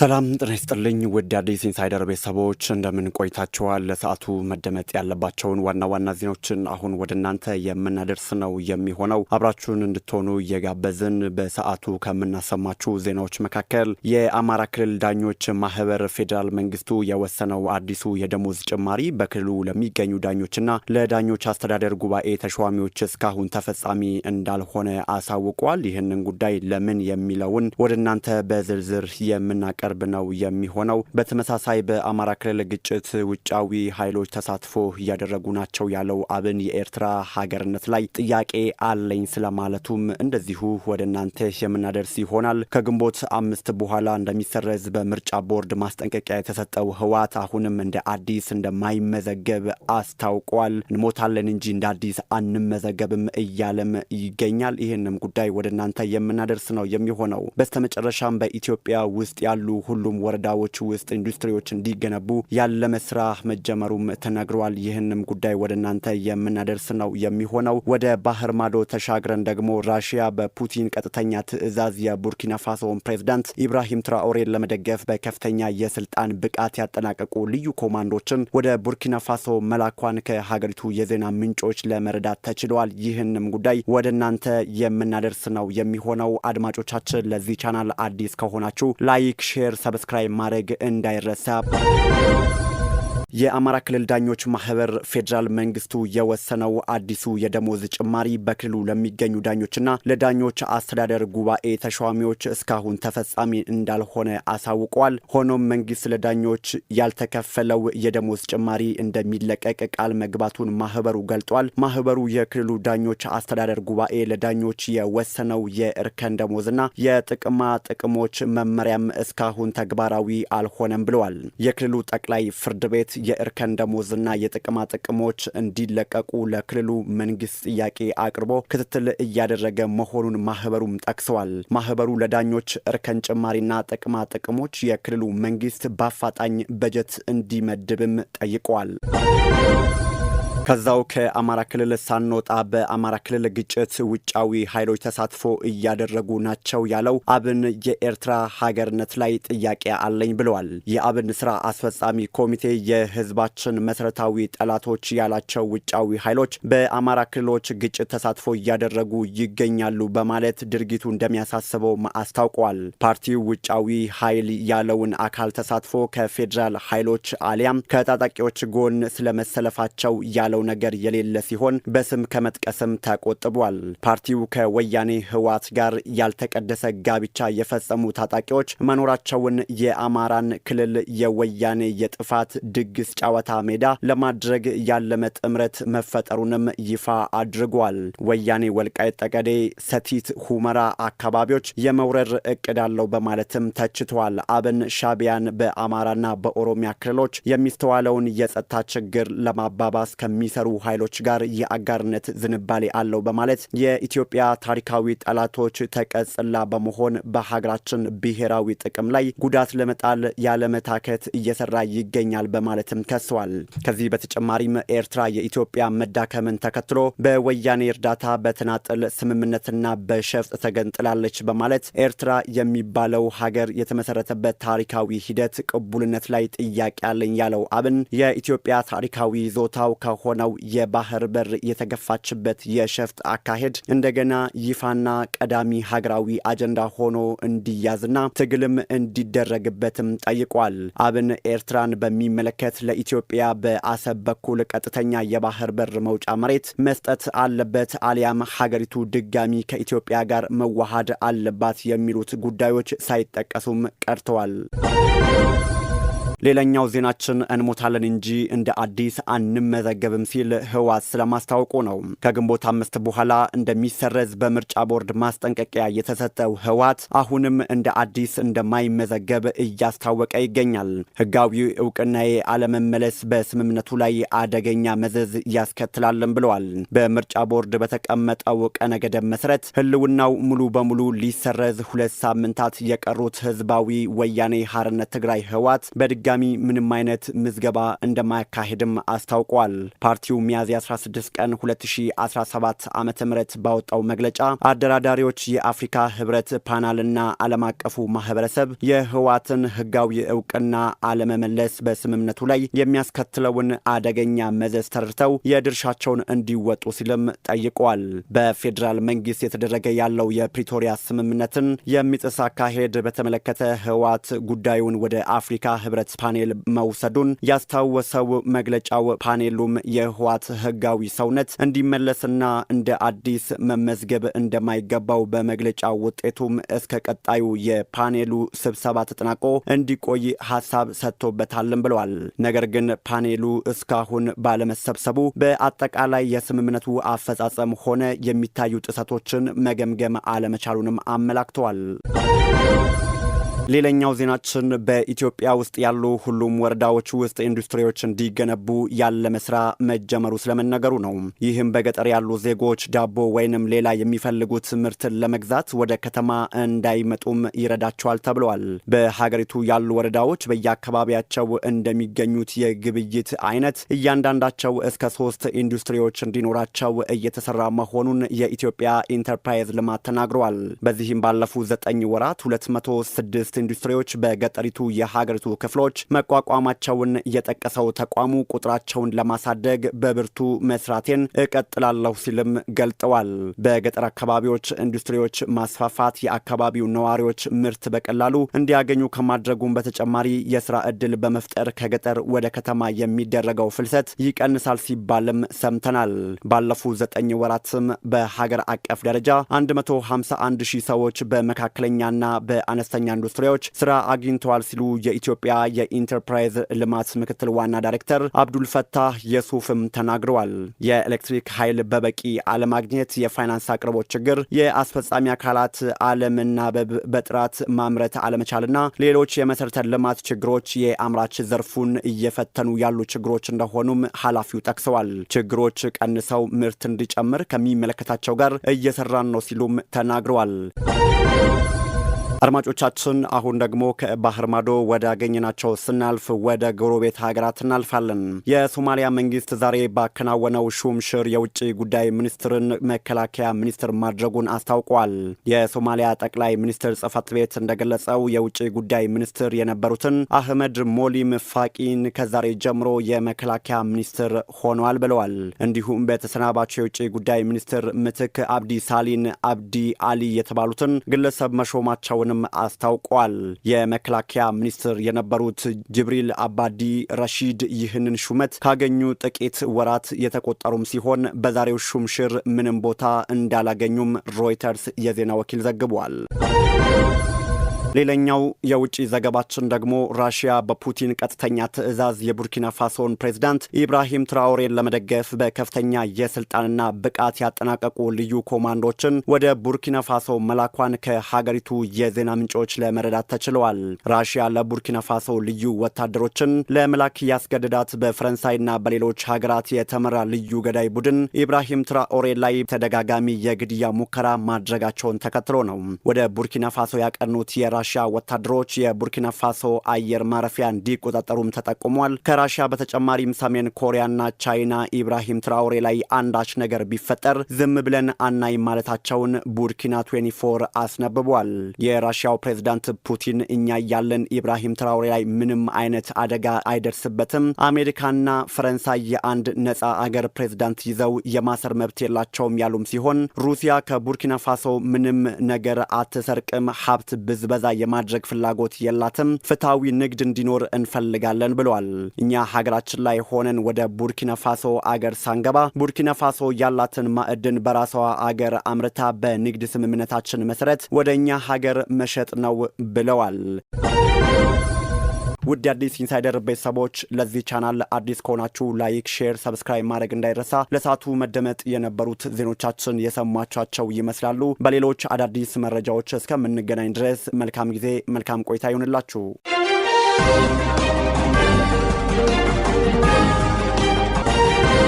ሰላም ጤና ይስጥልኝ ውድ አዲስ ኢንሳይደር ቤተሰቦች እንደምን ቆይታችኋል? ለሰዓቱ መደመጥ ያለባቸውን ዋና ዋና ዜናዎችን አሁን ወደ እናንተ የምናደርስ ነው የሚሆነው። አብራችሁን እንድትሆኑ እየጋበዝን በሰዓቱ ከምናሰማችሁ ዜናዎች መካከል የአማራ ክልል ዳኞች ማህበር ፌዴራል መንግስቱ የወሰነው አዲሱ የደሞዝ ጭማሪ በክልሉ ለሚገኙ ዳኞችና ለዳኞች አስተዳደር ጉባኤ ተሿሚዎች እስካሁን ተፈጻሚ እንዳልሆነ አሳውቋል። ይህንን ጉዳይ ለምን የሚለውን ወደ እናንተ በዝርዝር የምናቀር ቅርብ ነው የሚሆነው። በተመሳሳይ በአማራ ክልል ግጭት ውጫዊ ኃይሎች ተሳትፎ እያደረጉ ናቸው ያለው አብን የኤርትራ ሀገርነት ላይ ጥያቄ አለኝ ስለማለቱም እንደዚሁ ወደ እናንተ የምናደርስ ይሆናል። ከግንቦት አምስት በኋላ እንደሚሰረዝ በምርጫ ቦርድ ማስጠንቀቂያ የተሰጠው ህወሓት አሁንም እንደ አዲስ እንደማይመዘገብ አስታውቋል። እንሞታለን እንጂ እንደ አዲስ አንመዘገብም እያለም ይገኛል። ይህንም ጉዳይ ወደ እናንተ የምናደርስ ነው የሚሆነው። በስተመጨረሻም በኢትዮጵያ ውስጥ ያሉ ሁሉም ወረዳዎች ውስጥ ኢንዱስትሪዎች እንዲገነቡ ያለመ ስራ መጀመሩም ተነግሯል። ይህንም ጉዳይ ወደ እናንተ የምናደርስ ነው የሚሆነው። ወደ ባህር ማዶ ተሻግረን ደግሞ ራሽያ በፑቲን ቀጥተኛ ትዕዛዝ የቡርኪና ፋሶን ፕሬዝዳንት ኢብራሂም ትራኦሬን ለመደገፍ በከፍተኛ የስልጣን ብቃት ያጠናቀቁ ልዩ ኮማንዶችን ወደ ቡርኪና ፋሶ መላኳን ከሀገሪቱ የዜና ምንጮች ለመረዳት ተችሏል። ይህንም ጉዳይ ወደ እናንተ የምናደርስ ነው የሚሆነው። አድማጮቻችን ለዚህ ቻናል አዲስ ከሆናችሁ ላይክ ሼር፣ ሰብስክራይብ ማድረግ እንዳይረሳ። የአማራ ክልል ዳኞች ማህበር ፌዴራል መንግስቱ የወሰነው አዲሱ የደሞዝ ጭማሪ በክልሉ ለሚገኙ ዳኞችና ለዳኞች አስተዳደር ጉባኤ ተሿሚዎች እስካሁን ተፈጻሚ እንዳልሆነ አሳውቋል። ሆኖም መንግስት ለዳኞች ያልተከፈለው የደሞዝ ጭማሪ እንደሚለቀቅ ቃል መግባቱን ማህበሩ ገልጧል። ማህበሩ የክልሉ ዳኞች አስተዳደር ጉባኤ ለዳኞች የወሰነው የእርከን ደሞዝና የጥቅማ ጥቅሞች መመሪያም እስካሁን ተግባራዊ አልሆነም ብለዋል። የክልሉ ጠቅላይ ፍርድ ቤት የእርከን ደሞዝና የጥቅማ ጥቅሞች እንዲለቀቁ ለክልሉ መንግስት ጥያቄ አቅርቦ ክትትል እያደረገ መሆኑን ማህበሩም ጠቅሰዋል። ማህበሩ ለዳኞች እርከን ጭማሪና ጥቅማ ጥቅሞች የክልሉ መንግስት በአፋጣኝ በጀት እንዲመድብም ጠይቀዋል። ከዛው ከአማራ ክልል ሳንወጣ በአማራ ክልል ግጭት ውጫዊ ኃይሎች ተሳትፎ እያደረጉ ናቸው ያለው አብን የኤርትራ ሀገርነት ላይ ጥያቄ አለኝ ብለዋል። የአብን ስራ አስፈጻሚ ኮሚቴ የህዝባችን መሰረታዊ ጠላቶች ያላቸው ውጫዊ ኃይሎች በአማራ ክልሎች ግጭት ተሳትፎ እያደረጉ ይገኛሉ በማለት ድርጊቱ እንደሚያሳስበው አስታውቀዋል። ፓርቲው ውጫዊ ኃይል ያለውን አካል ተሳትፎ ከፌዴራል ኃይሎች አሊያም ከታጣቂዎች ጎን ስለመሰለፋቸው ያ ያለው ነገር የሌለ ሲሆን በስም ከመጥቀስም ተቆጥቧል። ፓርቲው ከወያኔ ህወሓት ጋር ያልተቀደሰ ጋብቻ የፈጸሙ ታጣቂዎች መኖራቸውን የአማራን ክልል የወያኔ የጥፋት ድግስ ጨዋታ ሜዳ ለማድረግ ያለመ ጥምረት መፈጠሩንም ይፋ አድርጓል። ወያኔ ወልቃይት ጠገዴ፣ ሰቲት፣ ሁመራ አካባቢዎች የመውረር እቅድ አለው በማለትም ተችቷል። አብን ሻቢያን በአማራና በኦሮሚያ ክልሎች የሚስተዋለውን የጸጥታ ችግር ለማባባስ ከሚ ከሚሰሩ ኃይሎች ጋር የአጋርነት ዝንባሌ አለው በማለት የኢትዮጵያ ታሪካዊ ጠላቶች ተቀጽላ በመሆን በሀገራችን ብሔራዊ ጥቅም ላይ ጉዳት ለመጣል ያለመታከት እየሰራ ይገኛል በማለትም ከሰዋል። ከዚህ በተጨማሪም ኤርትራ የኢትዮጵያ መዳከምን ተከትሎ በወያኔ እርዳታ በተናጠል ስምምነትና በሸፍጥ ተገንጥላለች በማለት ኤርትራ የሚባለው ሀገር የተመሰረተበት ታሪካዊ ሂደት ቅቡልነት ላይ ጥያቄ አለኝ ያለው አብን የኢትዮጵያ ታሪካዊ ይዞታው ከሆ ሆነው የባህር በር የተገፋችበት የሸፍጥ አካሄድ እንደገና ይፋና ቀዳሚ ሀገራዊ አጀንዳ ሆኖ እንዲያዝና ትግልም እንዲደረግበትም ጠይቋል። አብን ኤርትራን በሚመለከት ለኢትዮጵያ በአሰብ በኩል ቀጥተኛ የባህር በር መውጫ መሬት መስጠት አለበት አሊያም ሀገሪቱ ድጋሚ ከኢትዮጵያ ጋር መዋሃድ አለባት የሚሉት ጉዳዮች ሳይጠቀሱም ቀርተዋል። ሌላኛው ዜናችን እንሞታለን እንጂ እንደ አዲስ አንመዘገብም ሲል ህወሓት ስለማስታወቁ ነው። ከግንቦት አምስት በኋላ እንደሚሰረዝ በምርጫ ቦርድ ማስጠንቀቂያ የተሰጠው ህወሓት አሁንም እንደ አዲስ እንደማይመዘገብ እያስታወቀ ይገኛል። ህጋዊ እውቅናዬ አለመመለስ በስምምነቱ ላይ አደገኛ መዘዝ ያስከትላልን ብለዋል። በምርጫ ቦርድ በተቀመጠው ቀነ ገደብ መሰረት ህልውናው ሙሉ በሙሉ ሊሰረዝ ሁለት ሳምንታት የቀሩት ህዝባዊ ወያኔ ሐርነት ትግራይ ህወሓት በድጋ በድጋሚ ምንም አይነት ምዝገባ እንደማያካሄድም አስታውቋል። ፓርቲው ሚያዝያ 16 ቀን 2017 ዓ ም ባወጣው መግለጫ አደራዳሪዎች የአፍሪካ ህብረት ፓናልና ዓለም አቀፉ ማህበረሰብ የህወሓትን ህጋዊ እውቅና አለመመለስ በስምምነቱ ላይ የሚያስከትለውን አደገኛ መዘዝ ተረድተው የድርሻቸውን እንዲወጡ ሲልም ጠይቋል። በፌዴራል መንግስት የተደረገ ያለው የፕሪቶሪያ ስምምነትን የሚጥስ አካሄድ በተመለከተ ህወሓት ጉዳዩን ወደ አፍሪካ ህብረት ፓኔል መውሰዱን ያስታወሰው መግለጫው ፓኔሉም የህወሓት ህጋዊ ሰውነት እንዲመለስና እንደ አዲስ መመዝገብ እንደማይገባው በመግለጫው ውጤቱም እስከ ቀጣዩ የፓኔሉ ስብሰባ ተጠናቆ እንዲቆይ ሀሳብ ሰጥቶበታልም ብለዋል። ነገር ግን ፓኔሉ እስካሁን ባለመሰብሰቡ በአጠቃላይ የስምምነቱ አፈጻጸም ሆነ የሚታዩ ጥሰቶችን መገምገም አለመቻሉንም አመላክተዋል። ሌላኛው ዜናችን በኢትዮጵያ ውስጥ ያሉ ሁሉም ወረዳዎች ውስጥ ኢንዱስትሪዎች እንዲገነቡ ያለመ ስራ መጀመሩ ስለመነገሩ ነው። ይህም በገጠር ያሉ ዜጎች ዳቦ ወይንም ሌላ የሚፈልጉት ምርትን ለመግዛት ወደ ከተማ እንዳይመጡም ይረዳቸዋል ተብለዋል። በሀገሪቱ ያሉ ወረዳዎች በየአካባቢያቸው እንደሚገኙት የግብይት አይነት እያንዳንዳቸው እስከ ሶስት ኢንዱስትሪዎች እንዲኖራቸው እየተሰራ መሆኑን የኢትዮጵያ ኢንተርፕራይዝ ልማት ተናግረዋል። በዚህም ባለፉት ዘጠኝ ወራት 206 የመንግስት ኢንዱስትሪዎች በገጠሪቱ የሀገሪቱ ክፍሎች መቋቋማቸውን የጠቀሰው ተቋሙ ቁጥራቸውን ለማሳደግ በብርቱ መስራቴን እቀጥላለሁ ሲልም ገልጠዋል። በገጠር አካባቢዎች ኢንዱስትሪዎች ማስፋፋት የአካባቢው ነዋሪዎች ምርት በቀላሉ እንዲያገኙ ከማድረጉም በተጨማሪ የስራ ዕድል በመፍጠር ከገጠር ወደ ከተማ የሚደረገው ፍልሰት ይቀንሳል ሲባልም ሰምተናል። ባለፉት ዘጠኝ ወራትም በሀገር አቀፍ ደረጃ 151 ሺህ ሰዎች በመካከለኛና በአነስተኛ ኢንዱስትሪ ፍሬዎች ስራ አግኝተዋል ሲሉ የኢትዮጵያ የኢንተርፕራይዝ ልማት ምክትል ዋና ዳይሬክተር አብዱልፈታህ የሱፍም ተናግረዋል። የኤሌክትሪክ ኃይል በበቂ አለማግኘት፣ የፋይናንስ አቅርቦት ችግር፣ የአስፈጻሚ አካላት አለመናበብ፣ በጥራት ማምረት አለመቻልና ሌሎች የመሰረተ ልማት ችግሮች የአምራች ዘርፉን እየፈተኑ ያሉ ችግሮች እንደሆኑም ኃላፊው ጠቅሰዋል። ችግሮች ቀንሰው ምርት እንዲጨምር ከሚመለከታቸው ጋር እየሰራን ነው ሲሉም ተናግረዋል። አድማጮቻችን አሁን ደግሞ ከባህር ማዶ ወደ አገኘናቸው ስናልፍ ወደ ጎረቤት ሀገራት እናልፋለን። የሶማሊያ መንግስት ዛሬ ባከናወነው ሹምሽር የውጭ ጉዳይ ሚኒስትርን መከላከያ ሚኒስትር ማድረጉን አስታውቋል። የሶማሊያ ጠቅላይ ሚኒስትር ጽህፈት ቤት እንደገለጸው የውጭ ጉዳይ ሚኒስትር የነበሩትን አህመድ ሞሊም ፋቂን ከዛሬ ጀምሮ የመከላከያ ሚኒስትር ሆነዋል ብለዋል። እንዲሁም በተሰናባቸው የውጭ ጉዳይ ሚኒስትር ምትክ አብዲ ሳሊን አብዲ አሊ የተባሉትን ግለሰብ መሾማቸውን መሆኑንም አስታውቋል። የመከላከያ ሚኒስትር የነበሩት ጅብሪል አባዲ ረሺድ ይህንን ሹመት ካገኙ ጥቂት ወራት የተቆጠሩም ሲሆን በዛሬው ሹምሽር ምንም ቦታ እንዳላገኙም ሮይተርስ የዜና ወኪል ዘግቧል። ሌላኛው የውጭ ዘገባችን ደግሞ ራሽያ በፑቲን ቀጥተኛ ትዕዛዝ የቡርኪና ፋሶን ፕሬዝዳንት ኢብራሂም ትራውሬን ለመደገፍ በከፍተኛ የስልጣንና ብቃት ያጠናቀቁ ልዩ ኮማንዶችን ወደ ቡርኪና ፋሶ መላኳን ከሀገሪቱ የዜና ምንጮች ለመረዳት ተችለዋል። ራሽያ ለቡርኪና ፋሶ ልዩ ወታደሮችን ለመላክ ያስገደዳት በፈረንሳይና በሌሎች ሀገራት የተመራ ልዩ ገዳይ ቡድን ኢብራሂም ትራኦሬ ላይ ተደጋጋሚ የግድያ ሙከራ ማድረጋቸውን ተከትሎ ነው። ወደ ቡርኪና ፋሶ ያቀኑት የራ የራሻ ወታደሮች የቡርኪና ፋሶ አየር ማረፊያ እንዲቆጣጠሩም ተጠቁሟል። ከራሺያ በተጨማሪም ሰሜን ኮሪያና ቻይና ኢብራሂም ትራውሬ ላይ አንዳች ነገር ቢፈጠር ዝም ብለን አናይም ማለታቸውን ቡርኪና 24 አስነብቧል። የራሽያው ፕሬዝዳንት ፑቲን እኛ እያለን ኢብራሂም ትራውሬ ላይ ምንም አይነት አደጋ አይደርስበትም፣ አሜሪካና ፈረንሳይ የአንድ ነጻ አገር ፕሬዝዳንት ይዘው የማሰር መብት የላቸውም ያሉም ሲሆን ሩሲያ ከቡርኪና ፋሶ ምንም ነገር አትሰርቅም፣ ሀብት ብዝበዛ የማድረግ ፍላጎት የላትም። ፍትሐዊ ንግድ እንዲኖር እንፈልጋለን ብለዋል። እኛ ሀገራችን ላይ ሆነን ወደ ቡርኪናፋሶ አገር ሳንገባ ቡርኪናፋሶ ያላትን ማዕድን በራሷ አገር አምርታ በንግድ ስምምነታችን መሰረት ወደ እኛ ሀገር መሸጥ ነው ብለዋል። ውድ የአዲስ ኢንሳይደር ቤተሰቦች ለዚህ ቻናል አዲስ ከሆናችሁ ላይክ፣ ሼር፣ ሰብስክራይብ ማድረግ እንዳይረሳ። ለሰዓቱ መደመጥ የነበሩት ዜኖቻችን የሰማችኋቸው ይመስላሉ። በሌሎች አዳዲስ መረጃዎች እስከምንገናኝ ድረስ መልካም ጊዜ፣ መልካም ቆይታ ይሁንላችሁ።